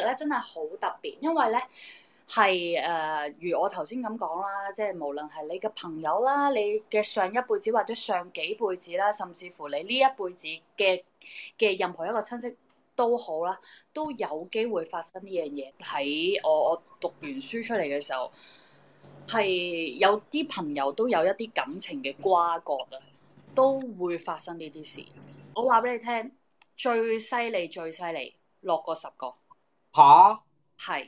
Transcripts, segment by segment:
咧，真係好特別，因為咧係誒，如我頭先咁講啦，即係無論係你嘅朋友啦，你嘅上一輩子或者上幾輩子啦，甚至乎你呢一輩子嘅嘅任何一個親戚都好啦，都有機會發生呢樣嘢。喺我我讀完書出嚟嘅時候，係有啲朋友都有一啲感情嘅瓜葛啊，都會發生呢啲事。我話俾你聽，最犀利最犀利，落過十個。吓，係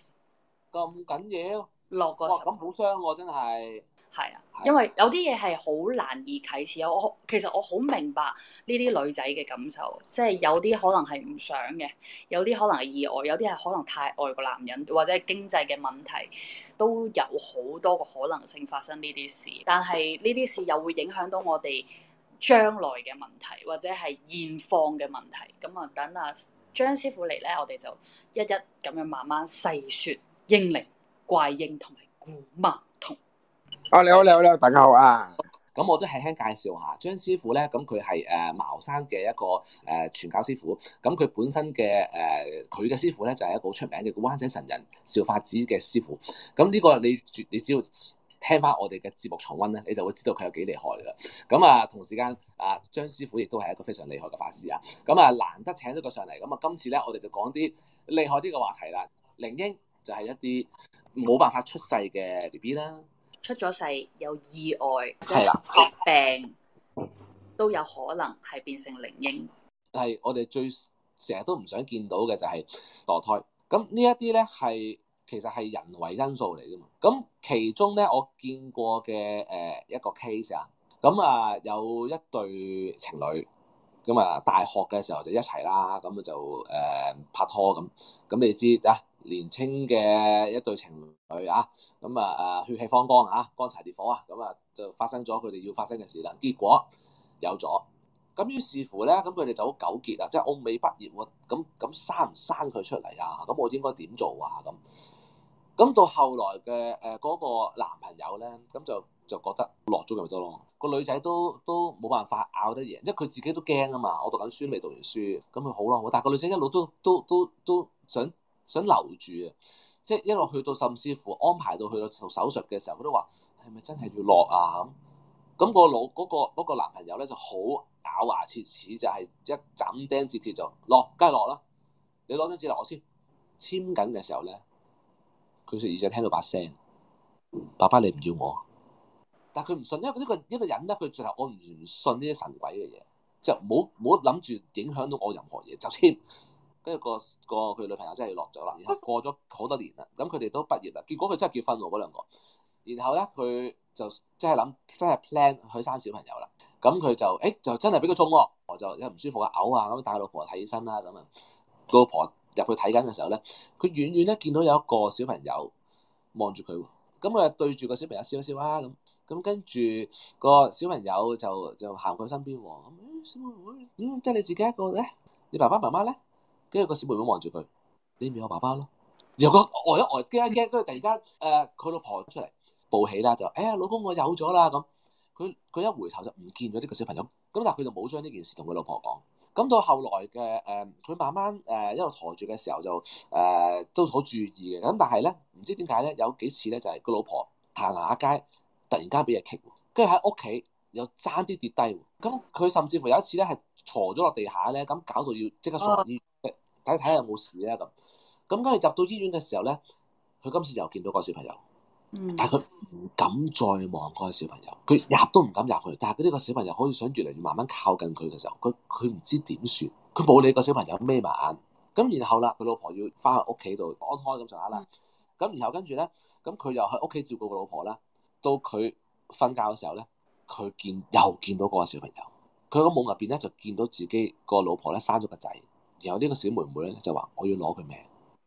咁緊要落個手好傷喎，真係係啊！啊，因為有啲嘢係好難以啟齒，我其實我好明白呢啲女仔嘅感受，即係有啲可能係唔想嘅，有啲可能係意外，有啲係可能太愛個男人，或者係經濟嘅問題，都有好多個可能性發生呢啲事。但係呢啲事又會影響到我哋將來嘅問題，或者係現況嘅問題。咁啊，等啊。張師傅嚟咧，我哋就一一咁樣慢慢細說嬰靈、怪嬰同埋古曼童。啊，你好你好你好，大家好啊！咁我都輕輕介紹下，張師傅咧，咁佢係誒茅山嘅一個誒傳教師傅。咁佢本身嘅誒，佢嘅師傅咧就係、是、一個好出名嘅灣仔神人邵法子嘅師傅。咁呢個你絕你只要，聽翻我哋嘅節目重溫咧，你就會知道佢有幾厲害噶。咁啊，同時間啊，張師傅亦都係一個非常厲害嘅法師啊。咁啊，難得請咗佢上嚟。咁啊，今次咧，我哋就講啲厲害啲嘅話題啦。靈嬰就係一啲冇辦法出，出世嘅 B B 啦，出咗世有意外即係病都有可能係變成靈嬰。但係我哋最成日都唔想見到嘅就係墮胎。咁呢一啲咧係。其實係人為因素嚟嘅嘛。咁其中咧，我見過嘅誒一個 case 啊，咁啊有一對情侶咁啊，大學嘅時候就一齊啦，咁、啊、就誒、啊、拍拖咁。咁、啊、你知啊，年青嘅一對情侶啊，咁啊誒血氣方剛啊，乾柴烈火啊，咁啊就發生咗佢哋要發生嘅事啦。結果有咗咁、啊，於是乎咧，咁佢哋就好糾結啊，即係我未畢業喎，咁咁生唔生佢出嚟啊？咁我應該點做啊？咁咁到後來嘅誒嗰個男朋友咧，咁就就覺得落咗就咪得咯。個女仔都都冇辦法拗得贏，因為佢自己都驚啊嘛。我讀緊書未讀完書，咁佢好咯。但係個女仔一路都都都都想想留住啊，即係一路去到甚至乎安排到去到做手術嘅時候，佢都話係咪真係要落啊？咁、嗰、咁個老嗰、嗰個嗰個男朋友咧就好咬牙切齒，齒，就係、即、一斬釘截鐵就落，梗係落啦。你攞張紙嚟我先簽緊嘅時候咧。佢耳仔聽到把聲，爸爸你唔要我，但係佢唔信，因為呢、呢個呢、呢個人咧，佢最後我唔信呢啲神鬼嘅嘢，就冇冇諗住影響到我任何嘢，就先跟住個個佢女朋友真係落咗啦，然後過咗好多年啦，咁佢哋都畢業啦，結果佢真係結婚喎嗰兩個，然後咧佢就真係諗真係 plan 去生小朋友啦，咁佢就誒就真係俾佢中喎，我就因為唔舒服啊，嘔啊咁，帶老婆睇醫生啦咁啊，個老婆。入去睇緊嘅時候咧，佢遠遠咧見到有一個小朋友望住佢，咁佢又對住個小朋友笑一笑啦。咁，咁跟住個小朋友就就行佢身邊喎，咁小妹妹，咦、嗯、即係你自己一個嘅？你爸爸媽媽咧？跟住個小妹妹望住佢，你唔係我爸爸咯？然後佢、呃、呆一呆、呃、驚，驚，驚一驚，跟住突然間誒佢老婆出嚟報喜啦，就哎呀，老公我有咗啦咁，佢佢一回頭就唔見咗呢個小朋友，咁但係佢就冇將呢件事同佢老婆講。咁到後來嘅誒，佢、呃、慢慢誒、呃、一路抬住嘅時候就誒、呃、都好注意嘅。咁但係咧，唔知點解咧，有幾次咧就係個老婆行下街，突然間俾人㗎，跟住喺屋企又爭啲跌低。咁、嗯、佢甚至乎有一次咧係挫咗落地下咧，咁搞到要即刻送醫院。誒，睇睇下有冇事啦咁。咁跟住入到醫院嘅時候咧，佢今次又見到個小朋友。但佢唔敢再望嗰個小朋友，佢入都唔敢入去。但係呢個小朋友可以想越嚟越慢慢靠近佢嘅時候，佢佢唔知點算，佢冇理個小朋友眯埋眼。咁然後啦，佢老婆要翻去屋企度安胎咁上下啦。咁然後跟住咧，咁佢又喺屋企照顧個老婆啦。到佢瞓覺嘅時候咧，佢見又見到嗰個小朋友。佢個夢入邊咧就見到自己個老婆咧生咗個仔，然後呢個小妹妹咧就話：我要攞佢命，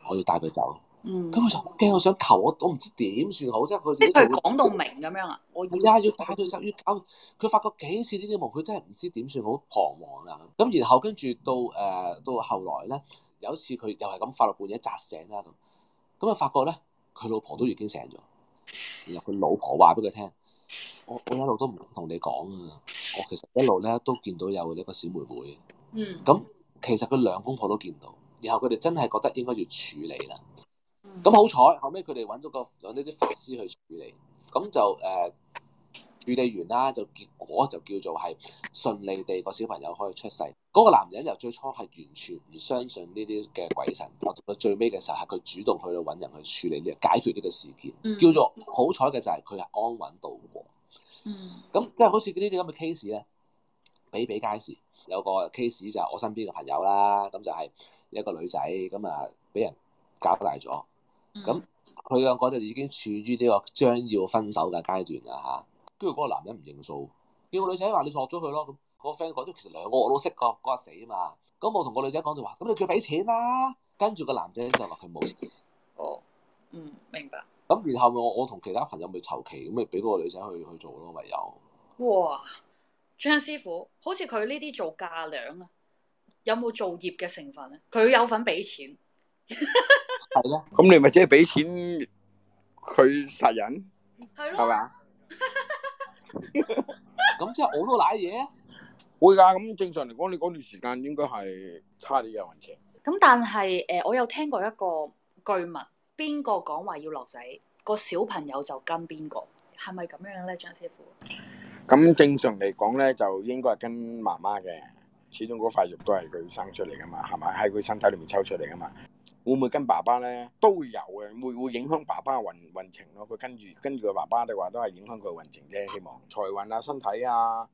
我要帶佢走。嗯，咁我就驚，我想求我，我唔知點算好，即係佢。即係佢講到明咁樣啊？的我而家要大對集，要搞。佢發覺幾次呢啲夢，佢真係唔知點算好，好彷徨啊。咁然後跟住到誒、呃，到後來咧，有一次佢又係咁發落半夜，扎醒啦咁。咁啊，發覺咧，佢老婆都已經醒咗。然後佢老婆話俾佢聽，我我一路都唔同你講啊。我其實一路咧都見到有呢個小妹妹。嗯。咁其實佢兩公婆都見到，然後佢哋真係覺得應該要處理啦。咁好彩，後尾佢哋揾咗個有呢啲法師去處理，咁就誒、呃、處理完啦，就結果就叫做係順利地個小朋友可以出世。嗰、那個男人又最初係完全唔相信呢啲嘅鬼神，到最尾嘅時候係佢主動去到揾人去處理呢個解決呢個事件，叫做好彩嘅就係佢安穩度過。嗯，咁即係好似呢啲咁嘅 case 咧，比比皆是。有個 case 就係我身邊嘅朋友啦，咁就係一個女仔咁啊，俾人搞大咗。咁佢兩個就已經處於呢個將要分手嘅階段啦嚇，跟住嗰個男人唔認數，叫個女仔話你錯咗佢咯，咁嗰 friend 講咗其實兩個我都識個，嗰日死啊嘛，咁我同個女仔講就話，咁你叫佢俾錢啦，跟住個男仔就話佢冇錢。哦，嗯，明白。咁然後我我同其他朋友咪籌期，咁咪俾嗰個女仔去去做咯，唯有。哇，張師傅，好似佢呢啲做架樑啊，有冇造業嘅成分咧？佢有份俾錢。係咯，咁你咪即係俾錢佢殺人，係咪啊？咁即係我都瀨嘢，會噶。咁正常嚟講，你嗰段時間應該係差啲嘅運程。咁、啊啊啊啊啊、但係誒，我、呃、有聽過一個據聞，邊個講話要落仔，個小朋友就跟邊個，係咪咁樣咧，張師傅？咁、啊、正常嚟講咧，就應該係跟媽媽嘅，始終嗰塊肉都係佢生出嚟噶嘛，係咪喺佢身體裏面抽出嚟噶嘛？會唔會跟爸爸咧？都會有嘅，會會影響爸爸嘅運運程咯。佢跟住跟住個爸爸嘅話，都係影響佢嘅運程啫。希望財運啊、身體啊，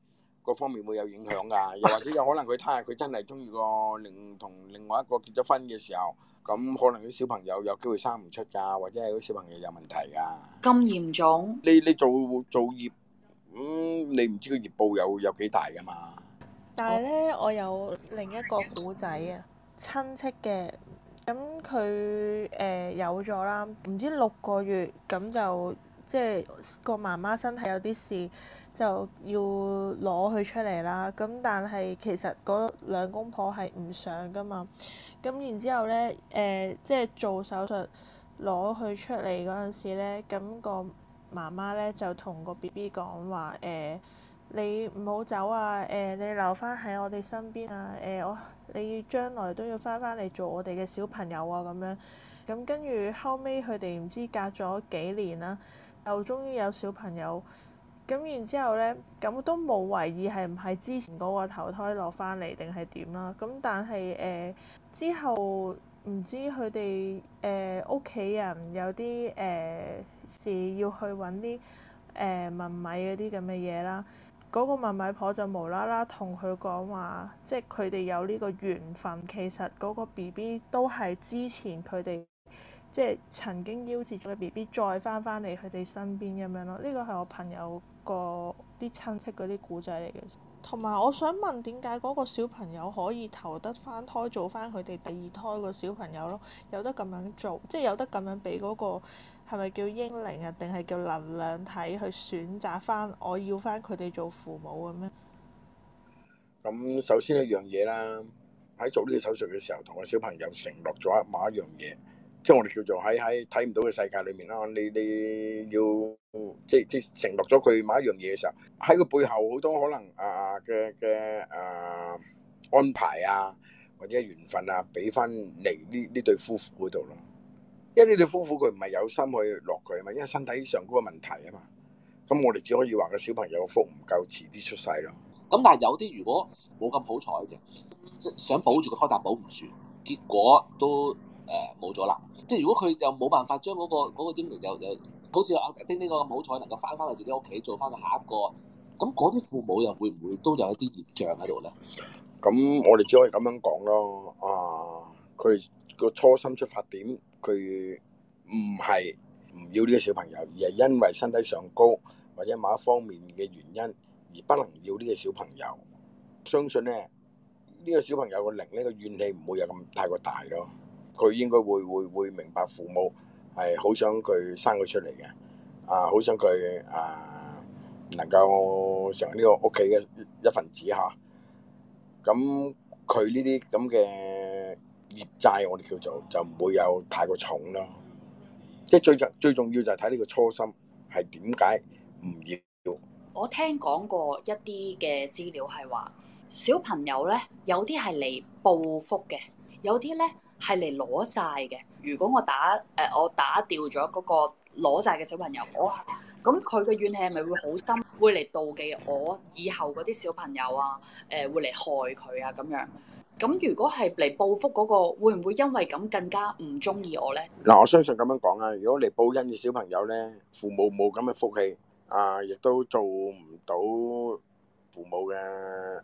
各方面會有影響噶。又或者有可能佢睇下佢真係中意個另同另外一個結咗婚嘅時候，咁可能啲小朋友有機會生唔出噶，或者係啲小朋友有問題噶。咁嚴重？你你做做業咁、嗯，你唔知個業報有有幾大噶嘛？但係咧，我有另一個古仔啊，親戚嘅。咁佢誒有咗啦，唔知六個月咁就即係個媽媽身體有啲事，就要攞佢出嚟啦。咁但係其實兩公婆係唔想噶嘛。咁然之後咧，誒即係做手術攞佢出嚟嗰陣時咧，咁個媽媽咧就同個 B B 講話：「誒，你唔好走啊！誒，你留翻喺我哋身邊啊！誒，我。你將來都要翻翻嚟做我哋嘅小朋友啊咁樣，咁跟住後尾，佢哋唔知隔咗幾年啦，又終於有小朋友，咁然之後咧，咁都冇懷疑係唔係之前嗰個投胎落翻嚟定係點啦，咁但係誒、呃、之後唔知佢哋誒屋企人有啲誒、呃、事要去揾啲誒問米嗰啲咁嘅嘢啦。嗰個問米婆就無啦啦同佢講話，即係佢哋有呢個緣分。其實嗰個 B B 都係之前佢哋即係曾經夭折咗 B B 再翻返嚟佢哋身邊咁樣咯。呢個係我朋友個啲親戚嗰啲古仔嚟嘅。同埋我想問點解嗰個小朋友可以投得翻胎做翻佢哋第二胎個小朋友咯？有得咁樣做，即係有得咁樣俾嗰、那個。係咪叫嬰靈啊？定係叫能量體去選擇翻我要翻佢哋做父母嘅咩？咁首先一樣嘢啦，喺做呢個手術嘅時候，同個小朋友承諾咗一某一樣嘢，即係我哋叫做喺喺睇唔到嘅世界裏面啦。你你要即即承諾咗佢某一樣嘢嘅時候，喺佢背後好多可能啊嘅嘅啊安排啊或者緣分啊，俾翻嚟呢呢對夫婦嗰度咯。因為呢對夫婦佢唔係有心去落佢啊嘛，因為身體上嗰個問題啊嘛。咁我哋只可以話個小朋友嘅福唔夠，遲啲出世咯。咁但係有啲如果冇咁好彩嘅，即係想保住個胎，但保唔住，結果都誒冇咗啦。即係如果佢又冇辦法將嗰個嗰個嬰靈又又好似阿丁呢個咁好彩，能夠翻返去自己屋企做翻個下一個，咁嗰啲父母又會唔會都有一啲孽障喺度咧？咁我哋只可以咁樣講咯。啊，佢個初心出發點。佢唔係唔要呢個小朋友，而係因為身體上高或者某一方面嘅原因而不能要呢個小朋友。相信咧呢呢個小朋友個靈呢個怨氣唔會有咁太過大咯。佢應該會會會明白父母係好想佢生佢出嚟嘅，啊好想佢啊能夠成為呢個屋企嘅一份子吓，咁佢呢啲咁嘅。業債我哋叫做就唔會有太過重咯，即係最重最重要就係睇呢個初心係點解唔要。我聽講過一啲嘅資料係話，小朋友咧有啲係嚟報復嘅，有啲咧係嚟攞債嘅。如果我打誒、呃、我打掉咗嗰個攞債嘅小朋友，我咁佢嘅怨氣係咪會好深，會嚟妒忌我以後嗰啲小朋友啊誒、呃、會嚟害佢啊咁樣？咁如果係嚟報復嗰，那個，會唔會因為咁更加唔中意我呢？嗱、啊，我相信咁樣講啊。如果嚟報恩嘅小朋友呢，父母冇咁嘅福氣啊，亦都做唔到父母嘅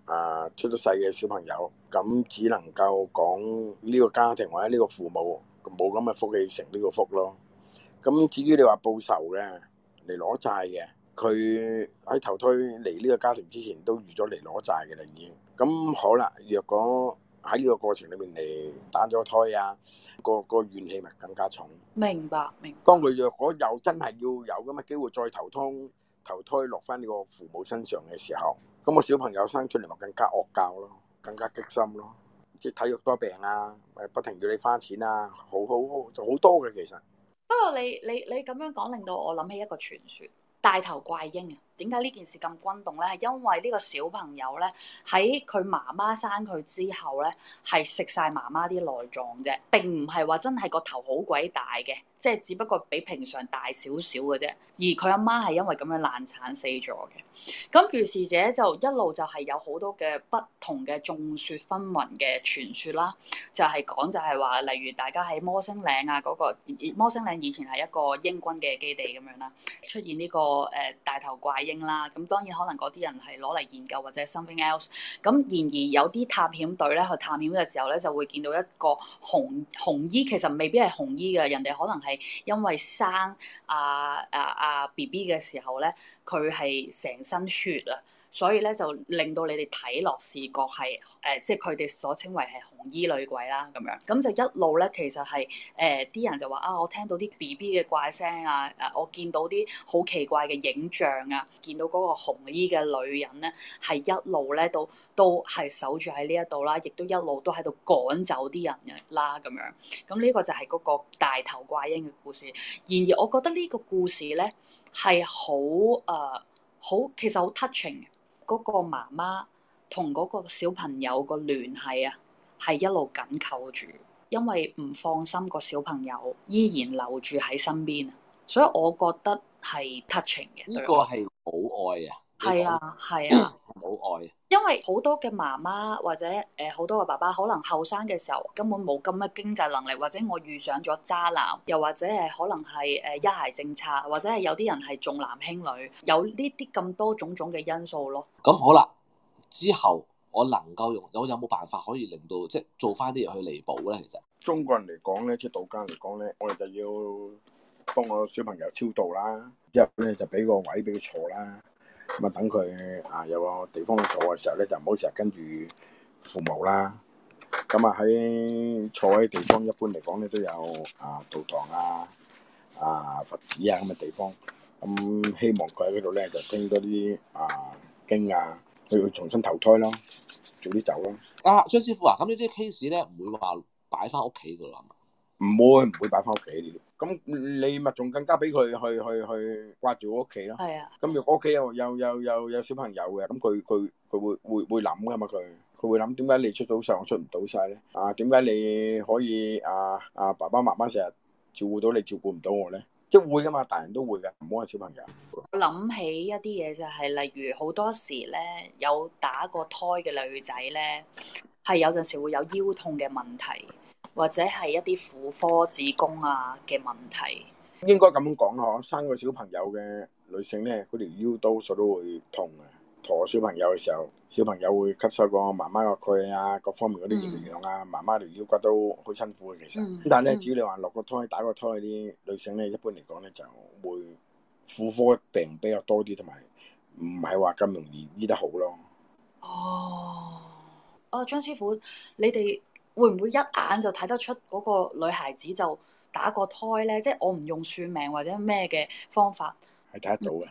啊，出咗世嘅小朋友，咁只能夠講呢個家庭或者呢個父母冇咁嘅福氣成呢個福咯。咁至於你話報仇嘅嚟攞債嘅，佢喺投胎嚟呢個家庭之前都預咗嚟攞債嘅啦，已經。咁好啦，若果喺呢個過程裏面你打咗胎啊，嗰個、嗰個怨氣咪更加重。明白，明白。當佢若果又真係要有咁嘅機會再投胎，投胎落翻呢個父母身上嘅時候，咁個小朋友生出嚟咪更加惡教咯，更加激心咯，即係體育多病啊，誒不停要你花錢啊，好好，好就好多嘅其實。不過你你你咁樣講，令到我諗起一個傳說，大頭怪嬰啊！點解呢件事咁轟動咧？係因為呢個小朋友咧，喺佢媽媽生佢之後咧，係食晒媽媽啲內臟啫，並唔係話真係個頭好鬼大嘅，即係只不過比平常大少少嘅啫。而佢阿媽係因為咁樣難產死咗嘅。咁遇事者就一路就係有好多嘅不同嘅眾說紛紜嘅傳說啦，就係、是、講就係話，例如大家喺摩星嶺啊嗰、那個摩星嶺以前係一個英軍嘅基地咁樣啦，出現呢、這個誒、呃、大頭怪啦，咁當然可能嗰啲人係攞嚟研究或者 something else，咁然而有啲探險隊咧去探險嘅時候咧，就會見到一個紅紅衣，其實未必係紅衣嘅，人哋可能係因為生啊啊啊 BB 嘅時候咧，佢係成身血啊。所以咧就令到你哋睇落視覺係誒，即係佢哋所稱為係紅衣女鬼啦咁樣。咁就一路咧，其實係誒啲人就話啊，我聽到啲 B B 嘅怪聲啊，誒我見到啲好奇怪嘅影像啊，見到嗰個紅衣嘅女人咧係一路咧都都係守住喺呢一度啦，亦都一路都喺度趕走啲人啦咁樣。咁呢個就係嗰個大頭怪嬰嘅故事。然而，我覺得呢個故事咧係好誒好其實好 touching 嘅。嗰個媽媽同嗰個小朋友個聯繫啊，係一路緊扣住，因為唔放心個小朋友依然留住喺身邊，所以我覺得係 touching 嘅，呢個係母愛啊，係啊係啊好愛。因為好多嘅媽媽或者誒好多嘅爸爸，可能後生嘅時候根本冇咁嘅經濟能力，或者我遇上咗渣男，又或者係可能係誒一孩政策，或者係有啲人係重男輕女，有呢啲咁多種種嘅因素咯。咁好啦，之後我能夠有，我有冇辦法可以令到即係做翻啲嘢去彌補咧？其實中國人嚟講咧，即係道家嚟講咧，我哋就要幫我小朋友超度啦，之後咧就俾個位俾佢坐啦。咁啊，等佢啊有個地方去坐嘅時候咧，就唔好成日跟住父母啦。咁啊，喺坐嘅地方，一般嚟講咧都有啊道堂啊、啊佛寺啊咁嘅地方。咁希望佢喺嗰度咧就聽多啲啊經啊，去去重新投胎咯，早啲走咯。啊，張師傅啊，咁呢啲 case 咧唔會話擺翻屋企㗎嘛？唔會唔會擺翻屋企呢啲，咁你咪仲更加俾佢去去去掛住我屋企啦。係啊，咁如果屋企有有有又有有小朋友嘅，咁佢佢佢會會會諗噶嘛佢，佢會諗點解你出到晒我出唔到晒咧？啊，點解你可以啊啊爸爸媽媽成日照顧到你照顧唔到我咧？即係會噶嘛，大人都會噶，唔好話小朋友。我諗起一啲嘢就係，例如好多時咧有打過胎嘅女仔咧，係有陣時會有腰痛嘅問題。或者係一啲婦科子宮啊嘅問題，應該咁樣講啦，嗬！生個小，小朋友嘅女性咧，嗰條腰到所都會痛嘅。陀小朋友嘅時候，小朋友會吸收過媽媽個鈣啊，各方面嗰啲營養啊，嗯、媽媽條腰骨都好辛苦嘅。其實，嗯、但係咧，只要你話落個胎、打個胎啲女性咧，嗯、一般嚟講咧就會婦科病比較多啲，同埋唔係話咁容易醫得好咯。哦，啊張師傅，你哋。會唔會一眼就睇得出嗰個女孩子就打過胎咧？即係我唔用算命或者咩嘅方法係睇得到嘅。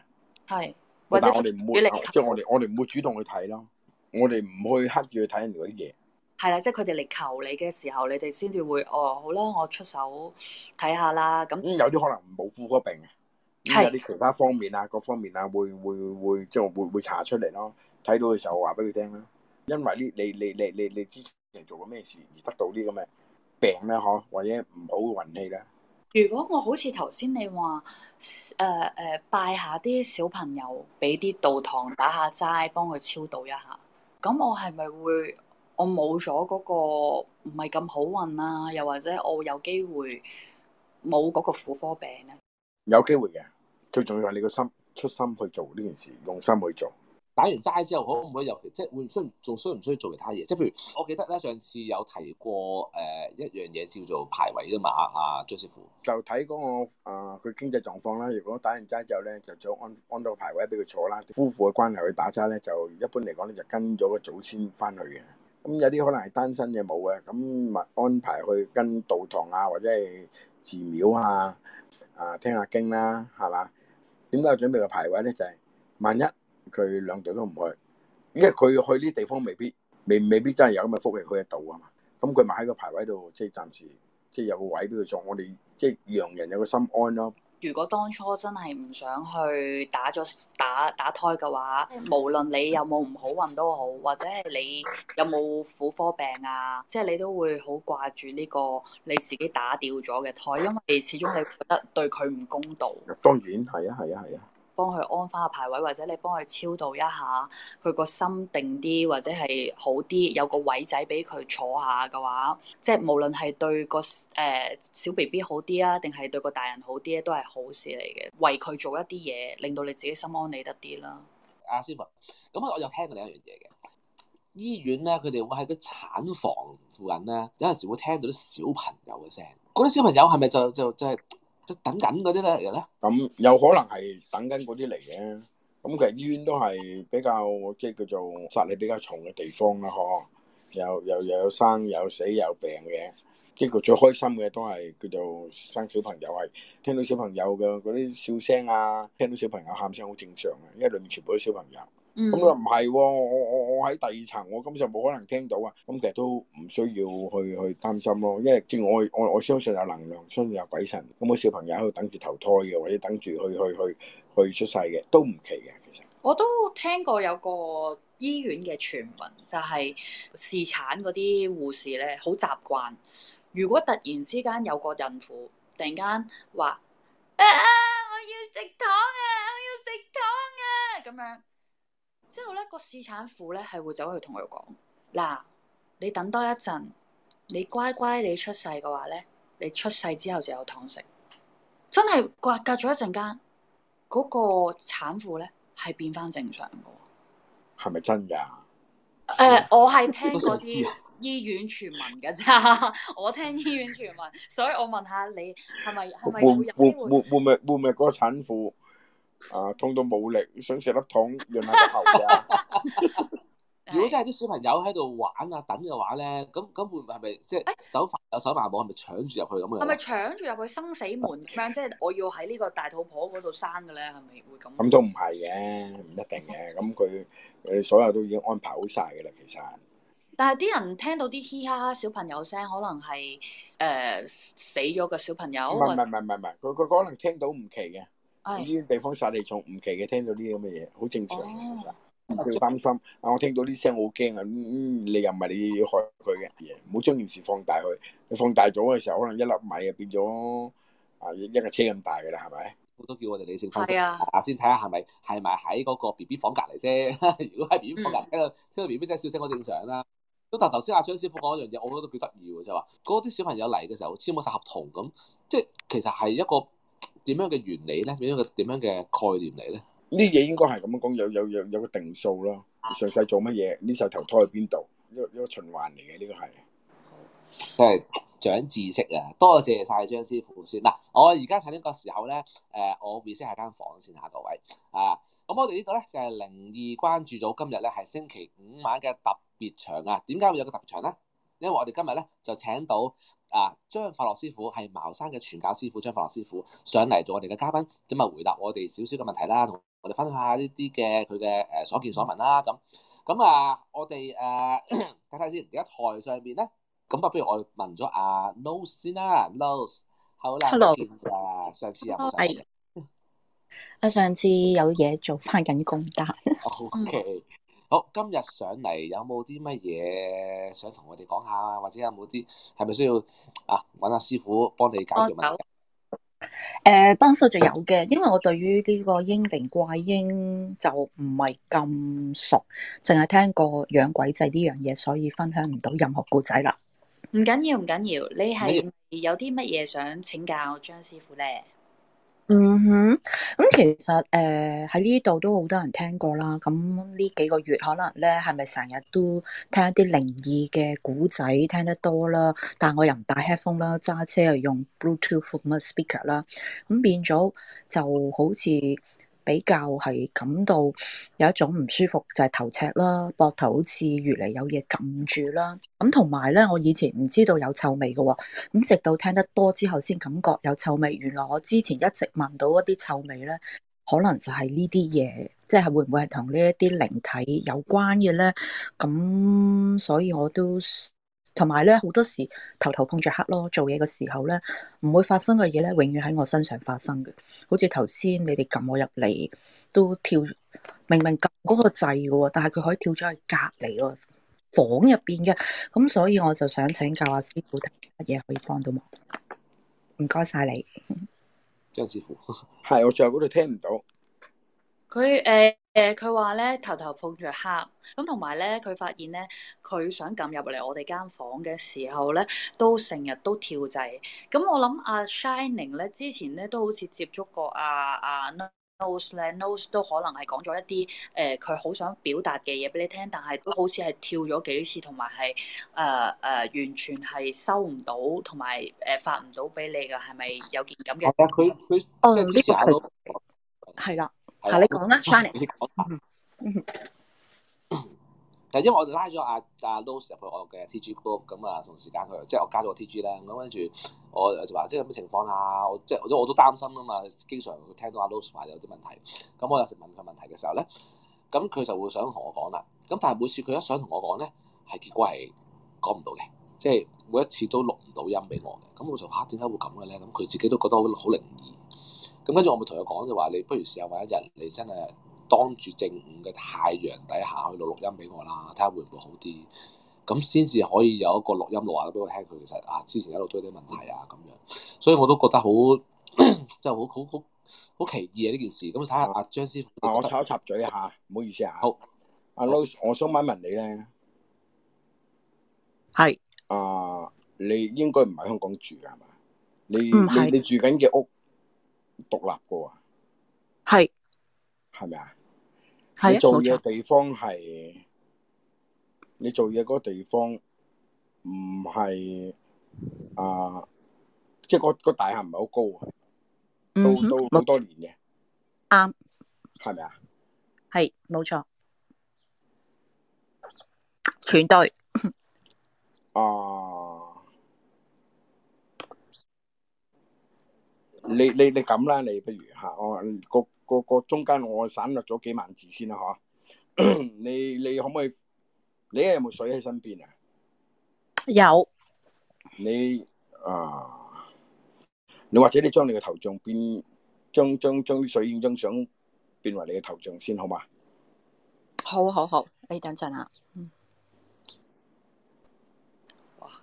係或者佢哋嚟求即，即係我哋我哋唔會主動去睇咯。我哋唔去刻意去睇人哋嗰啲嘢。係啦，即係佢哋嚟求你嘅時候，你哋先至會哦，好啦，我出手睇下啦。咁、嗯、有啲可能冇婦科病嘅，的有啲其他方面啊，各方面啊，面啊會會會即係會會,會查出嚟咯。睇到嘅時候話俾佢聽啦。因為呢，你你你你你之成做過咩事而得到呢咁嘅病咧？嗬，或者唔好運氣咧？如果我好似頭先你話誒誒，拜下啲小朋友，俾啲道堂打下齋，幫佢超度一下，咁我係咪會我冇咗嗰個唔係咁好運啊？又或者我有機會冇嗰個婦科病咧？有機會嘅，最重要係你個心，出心去做呢件事，用心去做。打完齋之後，可唔可以又即係會需做？需唔需要做其他嘢？即係譬如我記得咧，上次有提過誒、呃、一樣嘢叫做牌位啫嘛，阿、啊、張師傅就睇嗰、那個佢、呃、經濟狀況啦。如果打完齋之後咧，就早安安到個牌位俾佢坐啦。夫婦嘅關係去打齋咧，就一般嚟講咧就跟咗個祖先翻去嘅。咁有啲可能係單身嘅冇嘅，咁咪安排去跟道堂啊，或者係寺廟啊，啊、呃、聽下經啦、啊，係嘛？點解要準備個牌位咧？就係、是、萬一。佢兩隊都唔去，因為佢去呢啲地方未必、未未必真係有咁嘅福利，去得到啊嘛。咁佢咪喺個牌位度，即係暫時，即係有個位俾佢坐，我哋即係讓人有個心安咯、啊。如果當初真係唔想去打咗打打胎嘅話，無論你有冇唔好運都好，或者係你有冇婦科病啊，即、就、係、是、你都會好掛住呢個你自己打掉咗嘅胎，因為你始終你覺得對佢唔公道。當然係啊，係啊，係啊。幫佢安翻個牌位，或者你幫佢超度一下，佢個心定啲，或者係好啲，有個位仔俾佢坐下嘅話，即係無論係對個誒、呃、小 B B 好啲啊，定係對個大人好啲咧，都係好事嚟嘅。為佢做一啲嘢，令到你自己心安理得啲啦。阿師傅，咁啊，我又聽過另一樣嘢嘅，醫院咧，佢哋會喺個產房附近咧，有陣時會聽到啲小朋友嘅聲。嗰啲小朋友係咪就就即係？等緊嗰啲嚟嘅咧，咁有、嗯、可能係等緊嗰啲嚟嘅。咁、嗯、其實醫院都係比較即係叫做壓力比較重嘅地方啦，嗬。又又又有生有死有病嘅，呢個最開心嘅都係叫做生小朋友，係聽到小朋友嘅嗰啲笑聲啊，聽到小朋友喊聲好正常嘅，因為裡面全部都小朋友。咁又唔係喎，我我我喺第二層，我根本就冇可能聽到啊。咁其實都唔需要去去擔心咯，因為即我我我相信有能量，相信有鬼神。咁我小朋友喺度等住投胎嘅，或者等住去去去去出世嘅，都唔奇嘅。其實我都聽過有個醫院嘅傳聞，就係試產嗰啲護士咧，好習慣。如果突然之間有個孕婦突然間話啊，我要食糖啊，我要食糖啊，咁樣。之後咧，個試產婦咧係會走去同佢講，嗱，你等多一陣，你乖乖你出世嘅話咧，你出世之後就有糖食。真係隔隔咗一陣間，嗰個產婦咧係變翻正常嘅。係咪真噶誒、呃，我係聽嗰啲醫院傳聞嘅咋， 我聽醫院傳聞，所以我問下你係咪係咪有會會唔會會唔會嗰個產婦？ 啊，痛到冇力，想食粒糖，潤下個喉啊！ 如果真係啲小朋友喺度玩啊等嘅話咧，咁咁會係咪即係手快有手快冇，係咪搶住入去咁嘅？係咪搶住入去生死門咁樣？即係 我要喺呢個大肚婆嗰度生嘅咧？係咪會咁？咁都唔係嘅，唔一定嘅。咁佢佢所有都已經安排好晒嘅啦，其實。但係啲人聽到啲嘻嘻哈小朋友聲，可能係誒、呃、死咗嘅小朋友。唔係唔係唔係唔係，佢佢可能聽到唔奇嘅。呢啲地方沙地重唔奇嘅，聽到呢啲咁嘅嘢好正常，唔需要擔心。啊，我聽到啲聲好驚啊！你又唔係你要害佢嘅嘢，唔好將件事放大去。你放大咗嘅時候，可能一粒米啊變咗啊一個車咁大㗎啦，係咪？我都叫我哋理性分析啊，先睇下係咪係咪喺嗰個 B B 房隔離先。 如果喺 B B 房隔離、嗯、聽到 B B 仔笑聲，好正常啦、啊。咁頭頭先阿張師父講一樣嘢，我覺得都幾得意嘅，就係話嗰啲小朋友嚟嘅時候簽冇晒合同咁，即係其實係一個。點樣嘅原理咧？點樣嘅點樣嘅概念嚟咧？呢嘢應該係咁樣講，有有有有個定數咯。上世做乜嘢？呢世投胎去邊度？呢、這個這個循環嚟嘅，呢、這個係。即係長知識啊！多謝晒張師父先嗱。我而家睇呢個時候咧，誒、呃，我先下間房先嚇各位啊。咁我哋呢度咧就係靈異關注組，今日咧係星期五晚嘅特別場啊！點解會有個特別場咧？因為我哋今日咧就請到。啊，張法樂師傅係茅山嘅傳教師傅，張法樂師傅上嚟做我哋嘅嘉賓，咁啊回答我哋少少嘅問題啦，同我哋分享下呢啲嘅佢嘅誒所見所聞啦，咁咁、嗯、啊，我哋誒睇睇先，而家台上面咧，咁不如我問咗阿、啊、Nose 先啦 Nose 好啦，Hello. 上次有冇上，我、oh, 上次有嘢做，翻緊工但。Okay. 好，今日上嚟有冇啲乜嘢想同我哋講下，或者有冇啲係咪需要啊？揾阿、啊、師傅幫你解決問題。誒忙，幫手就有嘅，因為我對於呢個嬰靈怪嬰就唔係咁熟，淨係聽過養鬼仔呢樣嘢，所以分享唔到任何故仔啦。唔緊要，唔緊要，你係有啲乜嘢想請教張師父咧？嗯哼，咁，嗯、其實誒喺呢度都好多人聽過啦。咁呢幾個月可能咧，係咪成日都聽一啲靈異嘅古仔聽得多啦？但係我又唔戴 headphone 啦，揸車又用 Bluetooth 咁嘅 speaker 啦，咁變咗就好似。比較係感到有一種唔舒服，就係頭赤啦，膊頭好似越嚟有嘢撳住啦。咁同埋咧，我以前唔知道有臭味嘅喎，咁直到聽得多之後先感覺有臭味。原來我之前一直聞到一啲臭味咧，可能就係呢啲嘢，即係會唔會係同呢一啲靈體有關嘅咧？咁所以我都。同埋咧，好多時頭頭碰着黑咯，做嘢嘅時候咧，唔會發生嘅嘢咧，永遠喺我身上發生嘅。好似頭先你哋撳我入嚟，都跳，明明撳嗰個掣嘅，但係佢可以跳咗去隔籬個房入邊嘅。咁所以我就想請教阿師傅，睇乜嘢可以幫到我？唔該晒你，張師傅，係我坐嗰度聽唔到佢誒。誒，佢話咧頭頭碰着黑，咁同埋咧佢發現咧，佢想撳入嚟我哋間房嘅時候咧，都成日都跳掣。咁、嗯、我諗阿、啊、Shining 咧之前咧都好似接觸過啊。阿、啊、Nose 咧，Nose 都可能係講咗一啲誒，佢、呃、好想表達嘅嘢俾你聽，但係都好似係跳咗幾次，同埋係誒誒，完全係收唔到，同埋誒發唔到俾你㗎，係咪有件咁嘅？係啊、嗯，佢佢，呢、嗯這個係啦。你講啦 s h i n i 因為我哋拉咗阿阿 l o s e 入去我嘅 TG b o o k 咁啊同時間佢，即、就、係、是、我加咗個 TG 咧，咁跟住我就話，即係咩情況啊？即係、就是、我都擔心啊嘛，經常聽到阿 l o s e 話有啲問題，咁我有成問佢問題嘅時候咧，咁佢就會想同我講啦。咁但係每次佢一想同我講咧，係結果係講唔到嘅，即、就、係、是、每一次都錄唔到音俾我嘅。咁我就吓，點、啊、解會咁嘅咧？咁佢自己都覺得好靈異。咁跟住我咪同佢講，就話，你不如試下揾一日，你真係當住正午嘅太陽底下去錄錄音俾我啦，睇下會唔會好啲，咁先至可以有一個錄音錄下俾我聽。佢其實啊之前一路都有啲問題啊咁樣，所以我都覺得好即係好好好奇異啊呢件事。咁睇下阿張師父，嗱、啊、我插一插嘴一下，唔、啊、好意思啊。好，阿 Low 我想問問你咧，係是啊，你應該唔喺香港住㗎係嘛？你你是你住緊嘅屋。獨立過是啊，係，係咪啊？你做嘢地方係，你做嘢嗰個地方唔係啊，即係個個大廈唔係好高啊、嗯哼，都都好多年嘅，啱、嗯哼，係咪啊？係，冇錯，全對， 啊。你你你咁啦，你不如嚇我、啊、個個個中間我省略咗幾萬字先啦，嚇、啊、你你可唔可以？你有冇水喺身邊啊？有你啊！你或者你將你嘅頭像變，將將將啲水影張相變為你嘅頭像先，好嗎？好，好，好，好，好、嗯，你等陣啊。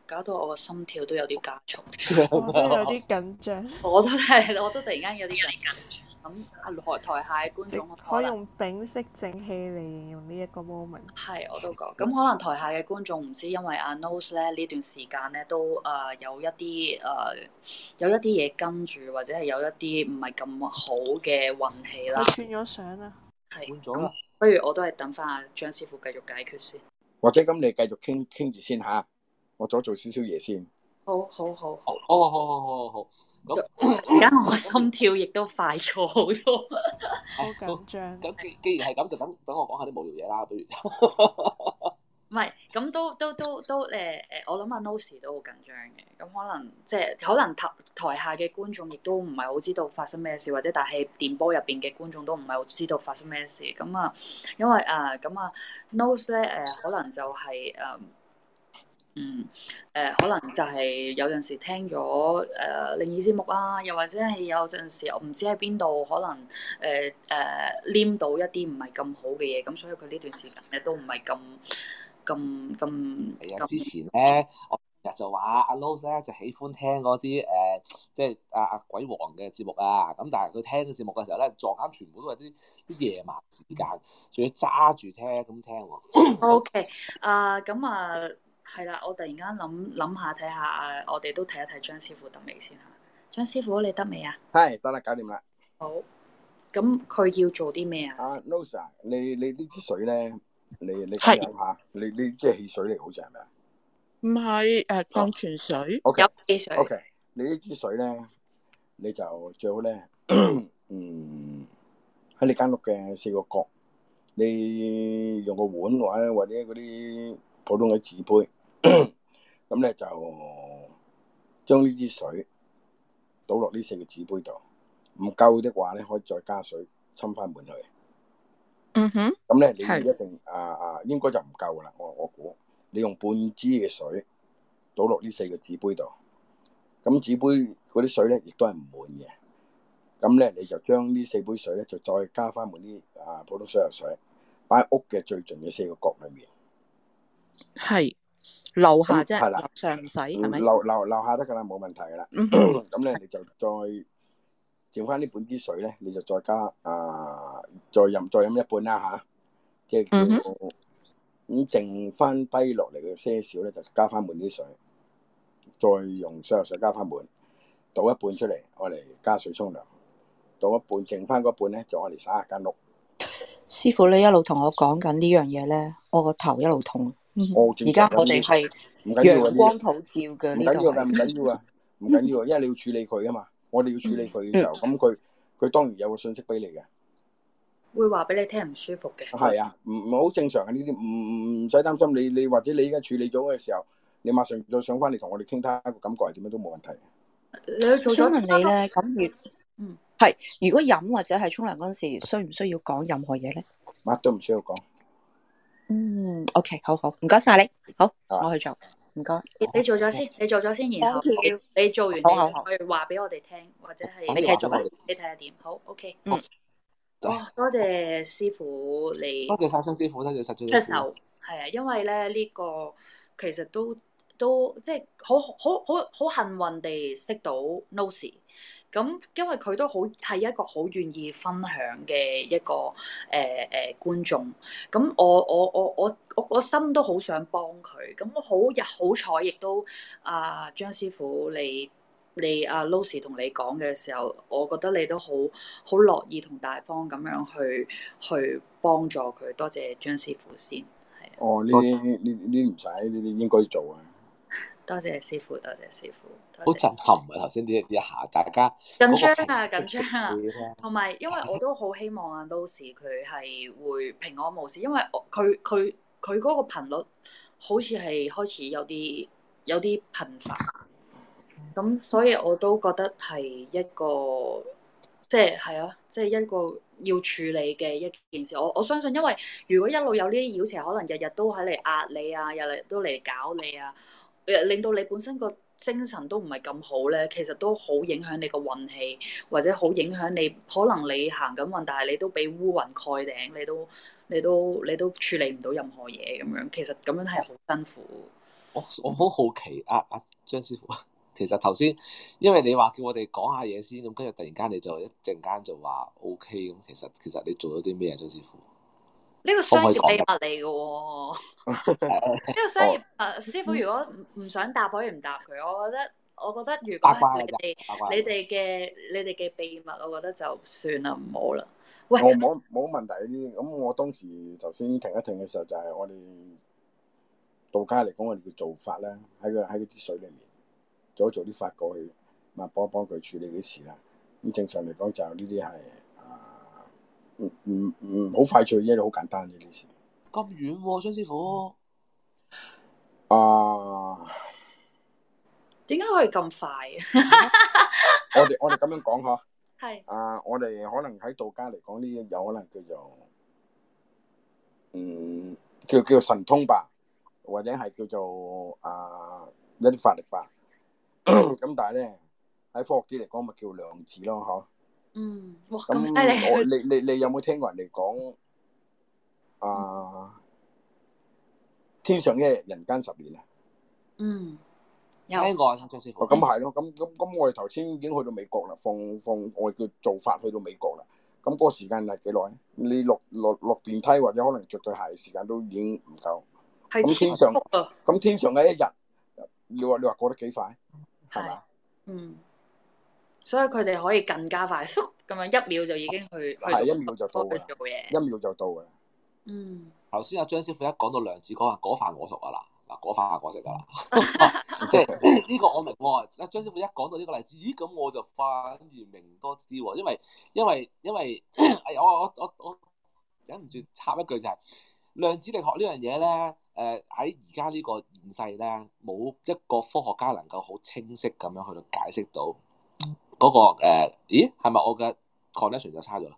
搞到我個心跳都有啲加速，我都有啲緊張，我都係，我都突然間有啲緊張。咁啊，台台下嘅觀眾，我可以用屏息靜氣嚟用呢一個 moment。係，我都講。咁可能台下嘅觀眾唔知，因為阿 Nose 咧，呢段時間咧都誒、呃、有一啲誒、呃、有一啲嘢跟住，或者係有一啲唔係咁好嘅運氣啦。我轉咗相啦，係。不如我都係等翻阿張師傅繼續解決先。或者咁，你繼續傾傾住先吓。啊我再做少少嘢先，好好好好，哦好好好好好，咁而家我心跳亦都快咗 好多張，好緊張。咁既既然係咁，就等等我講下啲無聊嘢啦， 不如。唔係，咁都都都都誒誒，我諗阿 Nose 都好緊張嘅，咁可能即係、就係、可能台下嘅觀眾亦都唔係好知道發生咩事，或者但係電波入邊嘅觀眾都唔係好知道發生咩事。咁啊，因為誒咁、呃、啊、呃、Nose 咧誒、呃，可能就係、係、誒。呃嗯，誒、呃，可能就係有陣時聽咗誒、呃、靈異節目啊，又或者係有陣時我唔知喺邊度，可能誒誒、呃呃、黏到一啲唔係咁好嘅嘢，咁、嗯、所以佢呢段時間咧都唔係咁咁咁。之前咧我日就話阿、啊、Lose 咧就喜歡聽嗰啲誒，即係阿阿鬼王嘅節目啊。咁但係佢聽節目嘅時候咧，座間全部都係啲啲夜晚時間，仲要揸住聽咁聽。O K. 啊，咁啊。係啦，我突然間諗諗下睇下，看看啊、我哋都睇一睇張師傅得未先吓。張師傅你得未啊？係，得啦，搞掂啦。好，咁佢要做啲咩啊？啊，Noah，s 你你呢支水咧，你你睇下，你呢即係汽水嚟，好似係咪啊？唔係，誒，礦泉水，oh, okay, 有汽水。OK，你呢支水咧，你就最好咧， 嗯，喺你間屋嘅四個角，你用個碗或者或者嗰啲普通嘅紙杯。咁咧就將呢支水倒落呢四個紙杯度，唔夠的話咧可以再加水，斟翻滿去。嗯哼、mm，咁咧你一定啊啊，應該就唔夠噶啦。我我估你用半支嘅水倒落呢四個紙杯度，咁紙杯嗰啲水咧亦都係唔滿嘅。咁咧你就將呢四杯水咧就再加翻滿啲啊普通水入水，擺喺屋嘅最盡嘅四個角裏面。係、hmm。樓下啫，樓上使係咪？樓樓樓下得噶啦，冇問題噶啦。咁咧， 你就再剩翻呢半啲水咧，你就再加，呃、再再啊，再飲再飲一半啦吓，即係叫咁剩翻低落嚟嘅些少咧，就加翻滿啲水，再用水入水加翻滿，倒一半出嚟，我嚟加水沖涼，倒一半，剩翻嗰半咧就我嚟灑下間屋。師傅，你一路同我講緊呢樣嘢咧，我個頭一路痛。而家我哋係陽光普照嘅呢度，唔緊要噶，唔緊要噶，唔緊要啊， 因為你要處理佢噶嘛，我哋要處理佢嘅時候，咁佢佢當然有個信息俾你嘅，會話俾你聽唔舒服嘅，係啊，唔唔好正常嘅呢啲，唔唔使擔心你你，你或者你而家處理咗嘅時候，你馬上再上翻嚟同我哋傾聽個感覺係點樣都冇問題。你做咗人涼咧，咁如嗯係，如果飲或者係沖涼嗰陣時，需唔需要講任何嘢咧？乜都唔需要講。嗯，OK，好好，唔該晒你，好，我去做，唔該，你做咗先，你做咗先，然後你做完你可以話俾我哋聽，或者係你繼續，你睇下點，好，OK，嗯，多謝師傅你，多謝法樂師傅，多謝實做，出售，係啊，因為咧呢個其實都。都即係好好好好，好幸運地識到 Louis 咁，因為佢都好係一個好願意分享嘅一個誒誒、呃呃、觀眾，咁我我我我我個心都好想幫佢。咁我好日好彩，亦都阿張、啊、師傅你你阿 Louis 同你講嘅時候，我覺得你都好好樂意同大方咁樣去去幫助佢。多謝張師傅先。哦，呢呢呢呢呢唔使呢啲應該做啊！多謝師父，多謝師父。好震撼啊！頭先呢一下，大家緊張啊，緊張啊，同埋 因為我都好希望啊到時佢係會平安無事，因為佢佢佢嗰個頻率好似係開始有啲有啲頻繁，咁所以我都覺得係一個即係係啊，即係一個要處理嘅一件事。我我相信，因為如果一路有呢啲妖邪，可能日日都喺嚟壓你啊，日日都嚟搞你啊。令到你本身個精神都唔係咁好咧，其實都好影響你個運氣，或者好影響你，可能你行緊運，但係你都俾烏雲蓋頂，你都你都你都處理唔到任何嘢咁樣，其實咁樣係好辛苦我。我我好好奇啊啊張師傅，其實頭先因為你話叫我哋講下嘢先說說，咁跟住突然間你就一陣間就話 OK 咁，其實其實你做咗啲咩啊，張師傅？呢個商業秘密嚟㗎喎，呢個商業誒 師傅如果唔想答可以唔答佢，我覺得我覺得如果你哋 你哋嘅 你哋嘅秘密，我覺得就算啦，唔好啦。 我冇冇問題呢，咁我當時頭先停一停嘅時候就，就係我哋道家嚟講我哋嘅做法啦，喺佢喺嗰啲水裡面做一做啲法過去，啊幫幫佢處理啲事啦。咁正常嚟講就呢啲係。唔唔唔，好快脆嘅，好簡單嘅呢事。咁遠，張師傅。啊？點解可以咁快啊？我哋我哋咁樣講下。係。啊，我哋可能喺道家嚟講呢嘢，有可能叫做，嗯，叫叫神通吧，或者係叫做啊一啲法力吧。咁但係咧，喺科學啲嚟講，咪叫量子咯，嗬。嗯，咁那你你你有冇聽過人哋講啊，天上一日人間十年咧，啊？嗯，喺外國咁係咯，咁咁咁我哋頭先已經去到美國啦，放放，放我哋叫做法去到美國啦。咁嗰個時間係幾耐？你落落落電梯或者可能着對鞋時間都已經唔夠。係天上咁天上嘅一日，你話你話過得幾快？係咪吧？嗯。所以佢哋可以更加快速，咁樣一秒就已經去對去到，做嘢一秒就到嘅。嗯。頭先阿張師傅一講到量子嗰飯，嗰飯我熟㗎啦，嗱嗰飯我食噶啦，即係呢個我明喎。阿張師傅一講到呢個例子，咦咁我就反而明多啲喎，因為因為因為、 哎、我我我我，我忍唔住插一句就係、是、量子力學呢樣嘢咧，誒喺而家呢個現世咧，冇一個科學家能夠好清晰咁樣去到解釋到。嗰個誒，咦，係咪我嘅 connection 就差咗啦？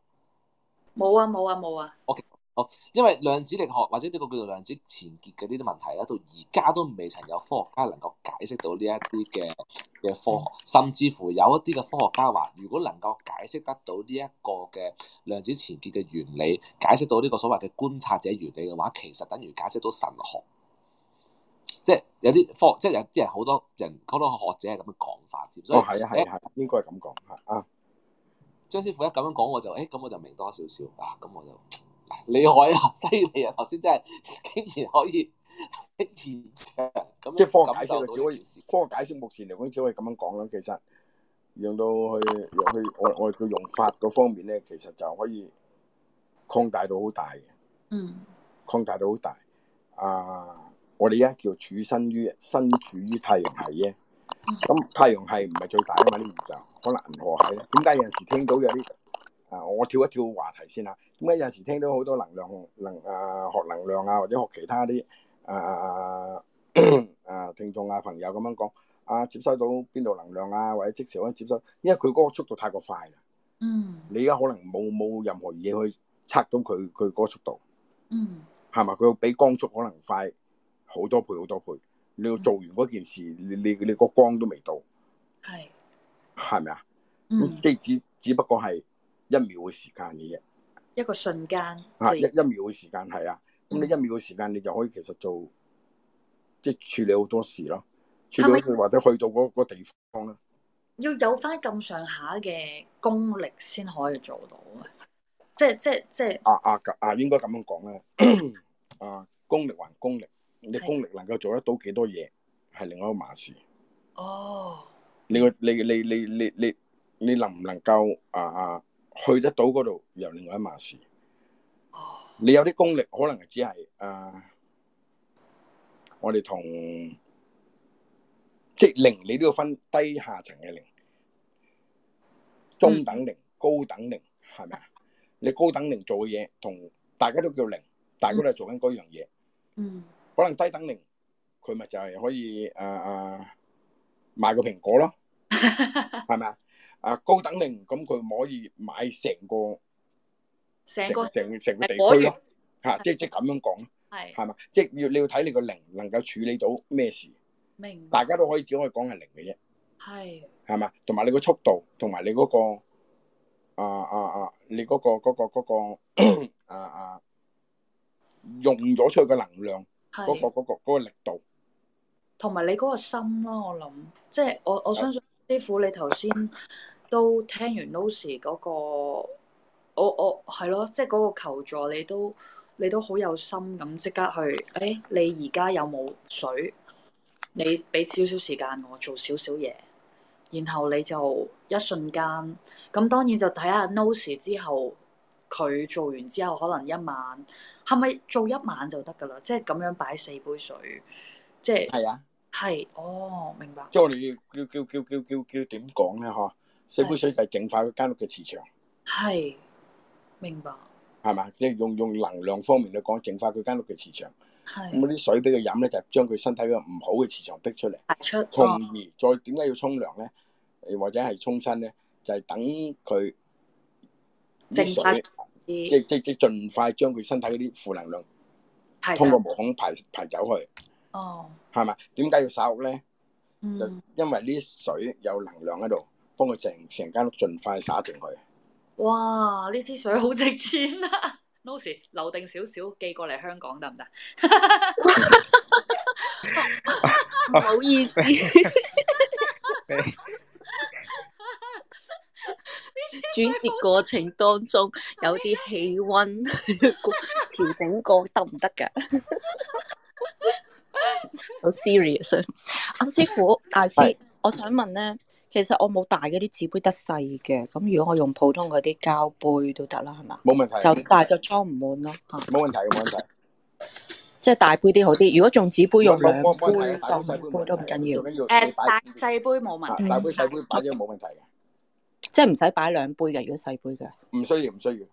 冇啊，冇啊，冇啊。OK，好，因為量子力學或者呢個叫做量子纏結嘅呢啲問題咧，到而家都未曾有科學家能夠解釋到呢一啲嘅嘅科學，甚至乎有一啲嘅科學家話，如果能夠解釋得到呢一個嘅量子纏結嘅原理，解釋到呢個所謂嘅觀察者原理嘅話，其實等於解釋到神學。即係有啲科學，即係有啲人，好多人，好多學者係咁樣講法添。所以哦係啊係啊係，應該係咁講係啊。張師傅一咁樣講我就誒，咁、欸、我就明多少少啊。咁我就，厲害啊，犀利啊！頭先真係竟然可以咁。即係科學解釋，科學解釋目前嚟講只可以咁樣講啦。其實用到去用去我我哋叫用法嗰方面咧，其實就可以擴大到好大嘅。嗯。擴大到好大啊！我哋而家叫處身於身處於太陽系啫。咁太陽系唔係最大啊嘛？呢個宇宙可能銀河系咧。點解有陣時聽到有啲啊？我跳一跳話題先啦、啊。點解有陣時聽到好多能量能啊學能量啊，或者學其他啲啊咳咳啊啊啊聽眾啊朋友咁樣講啊，接收到邊度能量啊，或者即時可以接收，因為佢嗰個速度太過快啊。嗯，你而家可能冇冇任何嘢去測到佢佢嗰個速度。嗯，係咪？佢比光速可能快。好多倍好多倍！你要做完嗰件事，嗯、你你你個光都未到，係係咪啊？即係吧、嗯、只只不過係一秒嘅時間嘅啫，一個瞬間、就是、啊，一一秒嘅時間係啊。咁你一秒嘅時間，你就可以其實做即係處理好多事咯，處理好多事或者去到嗰個地方啦。要有翻咁上下嘅功力先可以做到啊！即係即係即係啊啊啊！應該咁樣講咧， 啊功力還功力。你功力能夠做得到幾多嘢，係另外一個碼事哦。你個你你你你你你能唔能夠啊、uh, 去得到嗰度，又另外一碼事哦。Oh. 你有啲功力可能係只係啊，uh, 我哋同即靈，你都要分低下層嘅靈、中等靈、mm. 高等靈，係咪啊？你高等靈做嘅嘢，同大家都叫靈，大家都係做緊嗰樣嘢，嗯。Mm. 可能低等靈佢咪就係可以誒誒、呃、買個蘋果咯，係咪 啊？啊高等靈咁佢可以買成個成個成成個，個地區咯，吓的即即咁樣講係係嘛？即要你要睇你個靈能夠處理到咩事？明大家都可以只可以講係靈嘅啫，係係嘛？同埋的你個速度，同埋你嗰、那個啊啊啊，你嗰、那個嗰個個啊啊，啊，啊用咗出去嘅能量。嗰個嗰個嗰個力度，同埋你嗰個心咯，我諗，即係我我相信師傅你頭先都聽完 Noah 嗰個，我我係咯，即係嗰個求助你都你都好有心咁即刻去，誒你而家有冇水？你俾少少時間我做少少嘢，然後你就一瞬間，咁當然就睇下 Noah 之後。佢做完之後，可能一晚，係咪做一晚就得噶啦？即係咁樣擺四杯水，即係係啊，係哦，明白。即係我哋要叫叫叫叫叫叫點講咧？嗬，係，四杯水就係淨化佢間屋嘅磁場，係明白。係嘛？即係用用能量方面嚟講，淨化佢間屋嘅磁場。係咁啲水俾佢飲咧，就係將佢身體嗰唔好嘅磁場逼出嚟，出。哦，同而再點解要沖涼咧？誒或者係沖身咧？就係等佢。盡快，即即即盡快將佢身體嗰啲負能量，通過毛孔排排走去。哦噢，係咪？點解要灑屋咧？呢嗯，就因為呢啲水有能量喺度，幫佢成成間屋盡快灑淨佢。Mm hmm、哇！呢支水好值錢啊！Noah 留定少少，寄過嚟香港得唔得？唔 笑 assim、erm、好意思。笑 aí 轉折過程當中有啲氣溫調整過得唔得噶？好 serious 啊！阿師傅大，啊、師傅，但我想問咧，其實我冇大嗰啲紙杯，得細嘅，咁如果我用普通嗰啲膠杯都得啦，係嘛？冇問題，就但係就裝唔滿咯吓。冇問題，冇問題，即係大杯啲好啲。如果用紙杯用兩杯到，杯都唔緊要。誒，大細杯冇問題，大杯細杯擺咗冇問題嘅。即係唔使擺兩杯嘅，如果細杯嘅。唔需要，唔需要。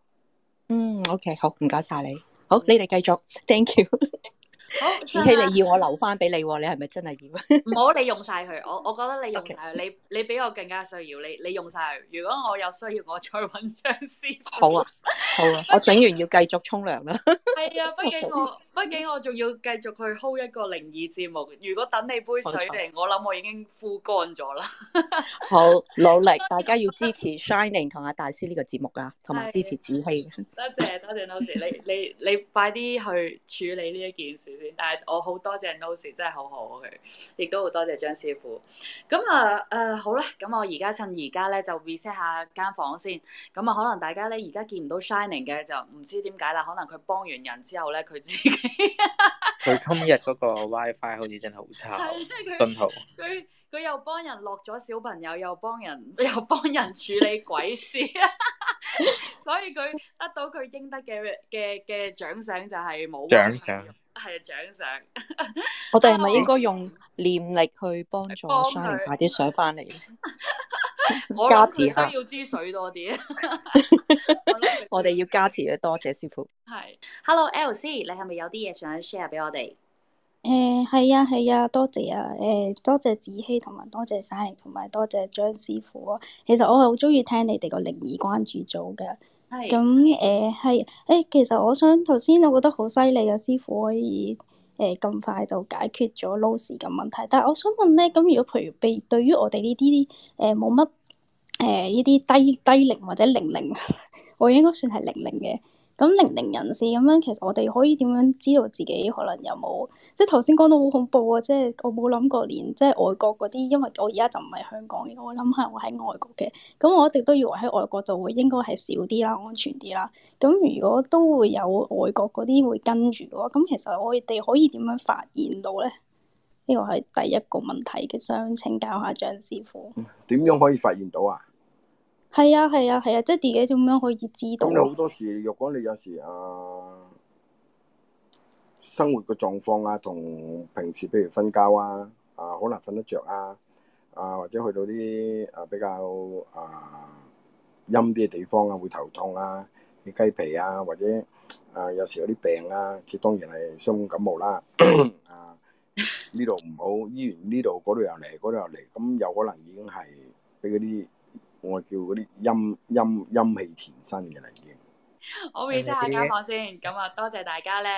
嗯，OK，好，唔該晒你。好，你哋繼續，Thank you。 好，紫僖，你要我留翻俾你，你係咪真係要？唔好，你用晒佢，我我覺得你用晒佢，Okay. 你你比我更加需要，你你用晒佢。如果我有需要，我再搵張師父。好啊，好啊， 如我整完要繼續沖涼啦。係啊，畢竟我畢好竟我仲要繼續去 hold 一個靈異節目。如果等你杯水嚟，好我諗我已經枯乾咗啦。 好努力，大家要支持 Shinning 同阿大師呢個節目噶，同埋支持紫僖。多謝多謝老師， 你你你快啲去處理呢一件事。但係我好多謝 Noah，真係好好佢，啊，亦都好多謝張師傅。咁啊，誒、呃、好啦，咁我而家趁而家咧就 reset 下間房先。咁啊，可能大家咧而家見唔到 Shining 嘅，就唔知點解啦。可能佢幫完人之後咧，佢自己佢 今日嗰個 WiFi 好似真係好差， 信號。佢佢又幫人落咗小朋友，又幫人又幫人處理鬼事， 所以佢得到佢應得嘅嘅嘅獎賞就係冇獎賞。係啊，獎賞，我哋係咪應該用念力去幫助阿 Shinning 快啲上翻嚟？加持 我需要支水多啲。 我哋 要加持嘅，多謝，謝師傅。係，Hello LC，你係咪有啲嘢想 share 俾我哋？誒、嗯，係啊，係啊，多謝啊，誒、嗯，多謝紫僖同埋多謝 Shinning 同埋多謝張師傅。其實我好中意聽你哋個靈異關注組嘅。咁誒係誒，其實我想頭先我覺得好犀利啊，師傅可以誒咁、呃、快就解決咗撈屎嘅問題。但係我想問咧，咁如果譬如被對於我哋呢啲誒冇乜誒呢啲低低齡或者零零， 我應該算係零零嘅。咁零零人士咁樣，其實我哋可以點樣知道自己可能有冇？即係頭先講到好恐怖啊！即係我冇諗過連即係外國嗰啲，因為我而家就唔係香港嘅，我會諗下我喺外國嘅。咁我一直都以為喺外國就會應該係少啲啦，安全啲啦。咁如果都會有外國嗰啲會跟住嘅話，咁其實我哋可以點樣發現到咧？呢個係第一個問題嘅，想請教下張師父點樣可以發現到啊？係啊係啊係啊，即係自己點樣可以知道？咁好多時，若果你有時啊，生活嘅狀況啊，同平時譬如瞓覺啊，啊好難瞓得着啊，啊或者去到啲啊比較啊陰啲嘅地方啊，會頭痛啊，起雞皮啊，或者啊有時有啲病啊，即當然係傷風感冒啦、啊。啊呢度唔好，醫完呢度，嗰度又嚟，嗰度又嚟，咁有可能已經係俾嗰啲。我叫嗰啲陰陰陰氣纏身嘅啦，已經 我認識下家訪先，咁啊多謝大家咧，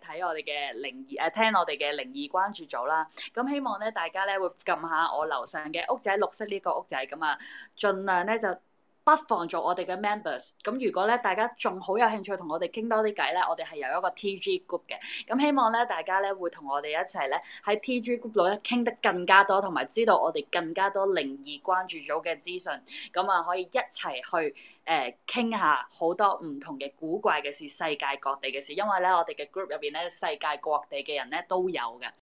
誒誒睇我哋嘅靈異誒聽我哋嘅靈異關注組啦，咁希望咧大家咧會撳下我樓上嘅屋仔綠色呢個屋仔，咁啊盡量咧就。不妨做我哋嘅 members。咁如果咧，大家仲好有興趣同我哋傾多啲偈咧，我哋係有一個 TG group 嘅。咁希望咧，大家咧會同我哋一齊咧喺 TG group 度咧傾得更加多，同埋知道我哋更加多靈異關注組嘅資訊。咁啊，可以一齊去誒傾、呃、下好多唔同嘅古怪嘅事、世界各地嘅事。因為咧，我哋嘅 group 入邊咧，世界各地嘅人咧都有嘅。